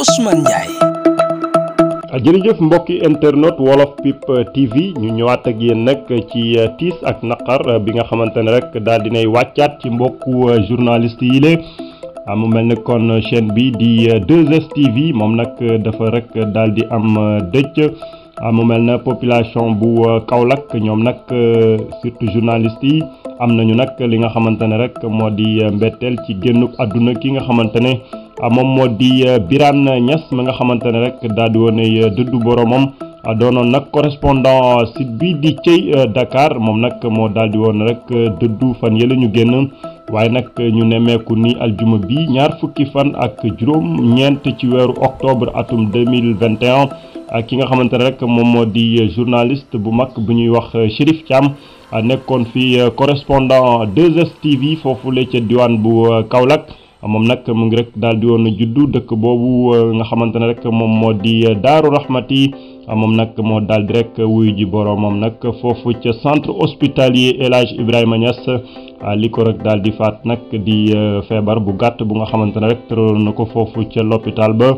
Ousmane Ndiaye. Ah, jërëjëf mbokki internet wolof pip euh, tv ñu ñëwaat ak yéen nag ci euh, tiis ak naqar euh, bi nga xamante ne rek daal dinay wàccaat ci mbokku journaliste yi lée ah, mu mel ne kon chaîne bi di 2S TV moom nag dafa rekk daal di am dëcc ah, mu mel na population bu kaw Kaolack ñoom nag surtout journaliste yi am nañu nag li nga xamante ne rek moo di mbetteel ci génn àdduna ki nga xamante ne Ah, moom moo di euh, Birane Niass ma nga xamante ne rek daal di woonay euh, dudd boromam ah, doonoon nag correspondant site bi di Thiey euh, Dakar moom nag moo daal di woon rek dëdd fan yële ñu génn waaye nag ñu nemmeeku ni aljuma bi ñaar fukki fan ak juróom ñeent ci weeru octobre atum 2021 ah, ki nga xamante ne rek moom moo di journaliste bu mag bu ñuy wax Chérif Thiam nekkoon fi correspondant 2STV foofule ca diwaan bu Kaolack moom nag mu ngi rek daal di woon juddu dëkk boobu euh, nga xamante ne rek moom moo di euh, Daaru Rahmati euh, moom nag moo daal di rek wuyu ji boroom moom nag foofu ca centre hospitalier El Hadj Ibrahima Niass li ko rek daal di faat nag di feebar bu gàtt bu nga xamante ne rek tëraloon na ko foofu ca l'hôpital ba.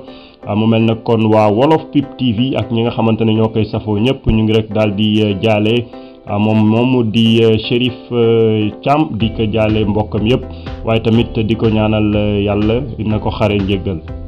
mu mel na kon waa Wolof Pip TV ak ñi nga xamante ne ñoo koy safoo ñëpp ñu ngi rek daal di jaalee Ah, moom moom di euh, Chérif euh, Thiam di ko jaale mbokkam yëpp waaye tamit di ko ñaanal euh, yàlla dina ko xare njégal